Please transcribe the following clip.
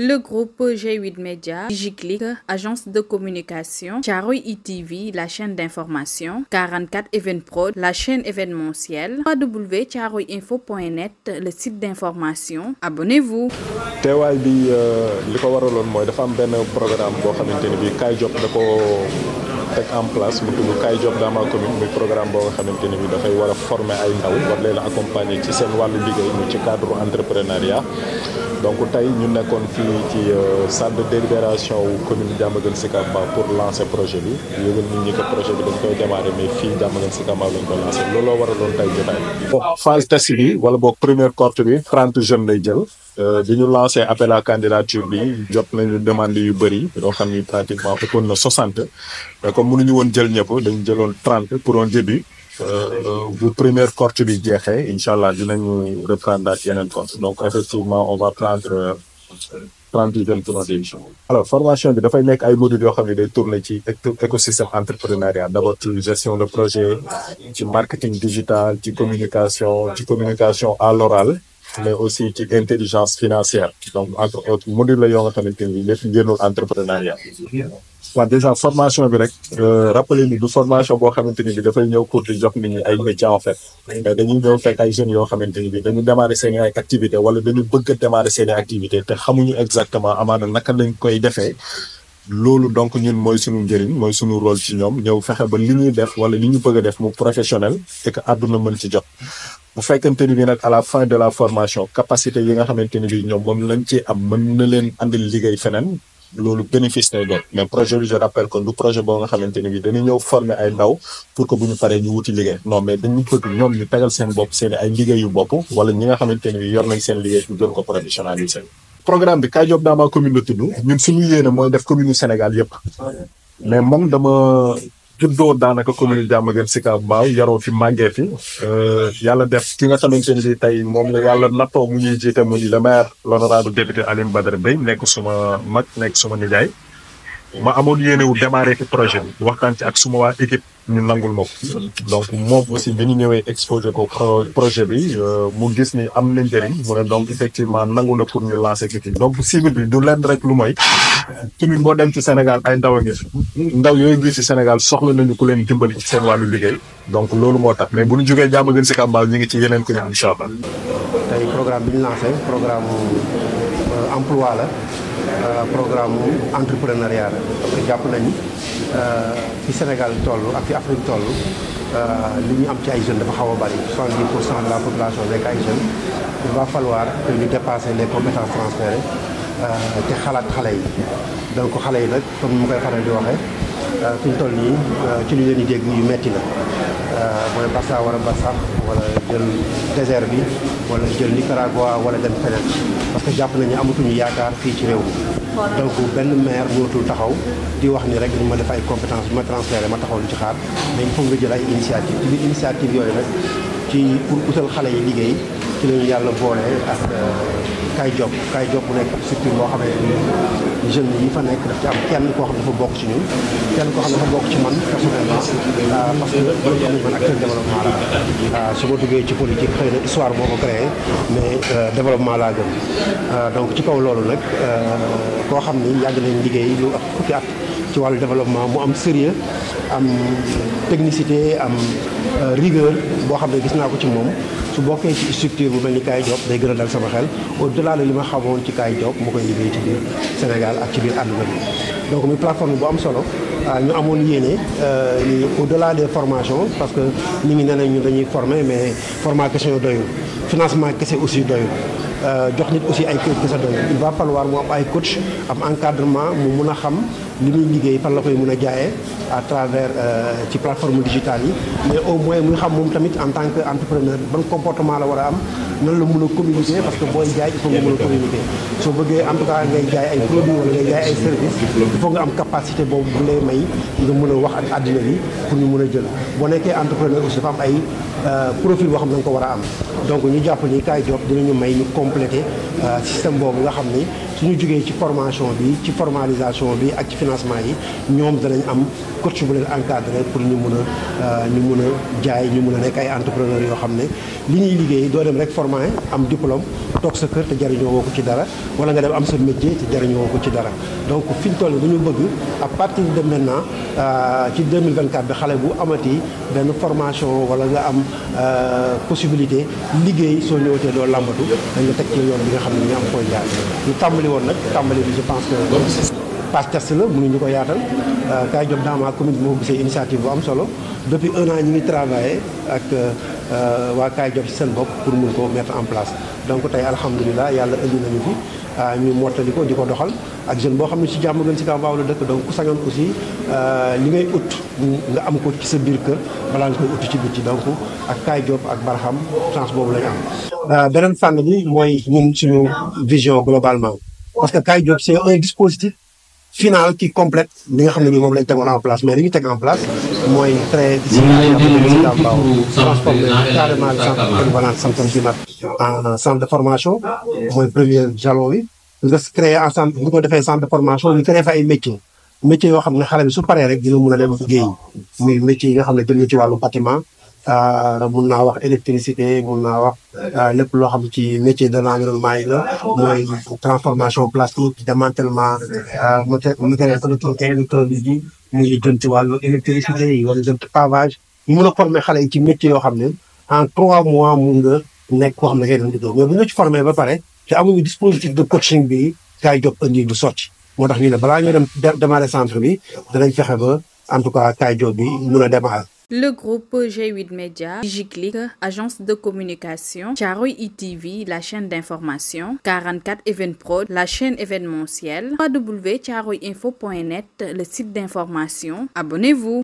Le groupe G8 Media, DigiClick, agence de communication, Charoy e TV, la chaîne d'information, 44 Event Pro, la chaîne événementielle, www.charoyinfo.net, le site d'information. Abonnez-vous. teg en place bu tudd Kaay Job dans commune muy programme boo nga xamante ni bi dafay war a former ay ndaw war leen a ci seen wàllu liggéey mu ci cadre entrepreneuriat donc tey ñu nekkoon fi ci euh, salle de délibération wu commune Diamaguène Sicap Mbao pour lancer projet bi yëgal nit ñi que projet bi dañ koy démarrer mais fii Diamaguène Sicap Mbao lañ ko lancer looloo doon tey jotaay. phase test bi wala boog première cohorte bi trente jeunes lay jël. Nous euh, lancer lancé appel à candidature bi jot nañu demande yu bëri yoo xam pratiquement fekkoon na mais euh, comme mënuñu woon jël ñëpp dañu jëloon 30 pour un début euh, bu première cohorte bi jeexee incha allah dinañu reprendre ak yeneen compte donc effectivement on va prendre 30 jours pour alors formation bi dafay nekk ay modules yoo xam ne day tourner ci écosystème entrepreneuriat d'abord la gestion de projet ci marketing digital ci communication ci communication à l'oral mais aussi ci intelligence financière donc entre autres module la yoo nga xamante ni lépp génnul entrepreneuriat. waaw déjà formation bi rek. Euh, rappeler ni du formation boo xamante ni bi dafay ñëw pour di jox nit ñi ay métier en fait. Euh, dañuy ñëw fekk ay jeunes yoo xamante ni bi dañu démarrer seen ay activité wala dañu bëgg a démarrer activité te xamuñu exactement amaana naka lañ koy defee. loolu donc ñun mooy suñu njëriñ mooy suñu rôle ci ñoom ñëw fexe ba li ñuy de wala li ñu bëgg a def mu professionnel te que àdduna mën ci jot bu fekkente ni bi nag à la fin de la formation capacité yi nga xamante ni bi ñoom moom lañ ci am mën na leen andil liggéey feneen loolu bénéfice lay doon mais projet bi je rappelle que du projet boo nga xamante ni bi dañuy ñëw former ay ndaw pour que bu ñu paree ñu wuti liggéey non mais dañu bëgg ñoom ñu tegal seen bopp seen ay liggéeyu bopp wala ñi nga xamante ni bi yor nañ seen liggéey ñu gën ko professionnaliser programme bi Kaay Job Dama commune la tudd ñun suñu yéene mooy def commune Sénégal yëpp mais moom dama juddoo daanaka commune Diamaguène Sicap Mbao yaroo fi màggee fi euh, yàlla def ki nga xamante ne bi tey moom la yàlla nattoo mu ñuy jiite mu di le maire l'honorable député Alioune Badara Bèye nekk suma mag nekk suma nijaay ma amoon yéene wu démarrer projet bi waxtaan ci ak suma waa équipe ñu nangul ma ko donc moom aussi bi ñu ñëwee exposé ko projet bi euh, mu gis ni am na njëriñ mu ne donc effectivement nangu na pour ñu lancer kii donc cible bi du lenn rek lu mooy commune boo dem ci Sénégal ay ndaw a ngi ndaw yooyu gis ci Sénégal soxla nañu ku leen dimbali ci seen wàllu liggéey donc loolu moo tax mais bu ñu jógee jàmm gën si Kambal ñu ngi ci yeneen commune incha allah. tey programme bi ñu lancé programme euh, la. Euh, programme mu entrepreneuriat la que jàpp nañ euh, fi Sénégal toll ak fi Afrique toll euh, li ñu am ci ay jeunes dafa xaw a bari 70 pour de la population nekk ay jeunes il va falloir que ñu dépasser les compétences transférées te xalaat xale yi donc xale yi nag comme ni ma koy faral di waxee fi ñu toll nii ci li leen di dégg yu metti la. Euh, mooy Barça wala Barça wala jël désert bi wala jël Nicaragua wala dem feneen parce que jàpp nañu amatuñu yaakaar fii ci réew mi donc benn maire mënatul taxaw di wax ni rek ma def ay compétence bi ma transféré ma taxaw lu ci xaar mais il faut nga jël ay initiative ci biir initiative yooyu nag ci pour utal xale yi liggéey ci lañu yàlla boole ak euh, Kaay Job Kaay Job bu nekk structure boo xamante ni jeunes yi fa nekk daf kenn koo xam dafa bokk ci ñun kenn koo xam dafa bokk ci man personnellement ba euh, que man xam nañ man acteur développement laa euh, su ma duggee ci politique xëy na histoire boo ko créé mais développement laa gën donc ci kaw loolu nag koo xam ni yàgg nañ liggéey lu ak fukki at ci wàllu développement mu am sérieux am technicité am euh, rigueur boo xam ne gis naa ko ci moom su bokkee ci structure bu mel ni Kaay Job day gën a dal sama xel oo delà li ma xamoon ci Kaay Job moo koy liggéey ci biir Sénégal ak ci biir àdduna bi donc muy plateforme bu am solo ah, ñu amoon yéene ñu euh, au delà des parce que nit ñi nee nañ ñu dañuy former mais format formation doyul financement kese aussi doyul Euh, jox nit aussi ay kayit kese doy il va falloir mu am ay coach am encadrement mu mun a xam li muy liggéey fan la koy mun a jaayee à travers euh, ci plateforme digitale yi mais au moins muy xam moom tamit en tant que entrepreneur ban comportement la war a am nan la mun a communiquer parce que booy jaay il faut nga mun a communiquer soo bëggee en ngay jaay ay produits wala ngay jaay ay services il faut nga am capacité boobu bu lay may nga mun a wax ak àddina bi pour ñu mun a jël boo nekkee entrepreneur aussi dafa ay euh, profil boo xam ne da ko war a am donc ñu jàpp ni kaay job dinañu may ñu complété euh, système boobu nga xam ni suñu jógee ci formation bi ci formalisation bi ak ci financement yi ñoom danañ am coach bu leen encadré pour ñu mun a euh, ñu mun a jaay ñu mun a nekk ay entrepreneur yoo xam ne li ñuy liggéey doo dem rek formé am diplôme toog sa kër te jariñoo woo ko ci dara wala nga dem am sa métier te jariñoo woo ko ci dara donc fi ñu toll dañu bëgg à partir de maintenant euh, ci 2024 bi xale bu amati benn formation wala nga am possibilité liggéey soo ñëwatee doo lambatu dañ la teg ci yoon bi nga xam ne ñu am koy jaar ñu tàmbali woon nag tàmbali bi je pense que pastas la mënuñu ko yaatal euh, kaay jom dama commune moo gisee initiative bu am solo depuis un an ñu ngi travaillé ak euh, waa kaay jom seen bopp pour mun ko mettre en place donc tey alhamdulilah yàlla indi nañu fi ñu mottali ko di ko doxal ak jeune boo xam ne ci jàmm gën ci Kambaaw la dëkk donc ku aussi euh, li ngay ut nga am ko ci sa biir kër balaa nga koy ut ci bitti donc ak Kaay Diop ak Barham chance boobu la ñu am. Euh, beneen fànn bi mooy ñun suñu vision globalement parce que Kaay Diop c'est un dispositif final qui complète li nga xam ne nii moom lañ tegoon en place mais li ñu teg en place. mooy créer di si Gambaaw transformé carrément le centre polyvalent centre du de formation mooy premier jalon bi nga créé en centre bu ko de formation ni créé fa ay métiers yo yoo xam xale bi su paree rek dina mun a dem liggéey muy métiers yi nga xam ne ci walu bâtiment Euh, mun naa wax électricité mun naa wax euh, lépp loo xam ci métier de l'environnement yi la mooy transformation plastique démantèlement euh, matériel électronique électronique yi muy jëm ci wàllu électricité yi wala jëm ci pavage xale yi ci métier yoo xam ne en trois mois mun nga nekk koo xam ne ngay doon di mais bu ñu ci formé ba pare te amuñu dispositif de coaching bi kaay job indi du sotti moo tax ñu ne balaa ñu dem démarrer centre bi danañ fexe ba en tout cas kaay job bi mun a démarrer Le groupe G8 Media, DigiClick, agence de communication, Charoui ITV, la chaîne d'information, 44 Event Pro, la chaîne événementielle, www.charouinfo.net, le site d'information. Abonnez-vous!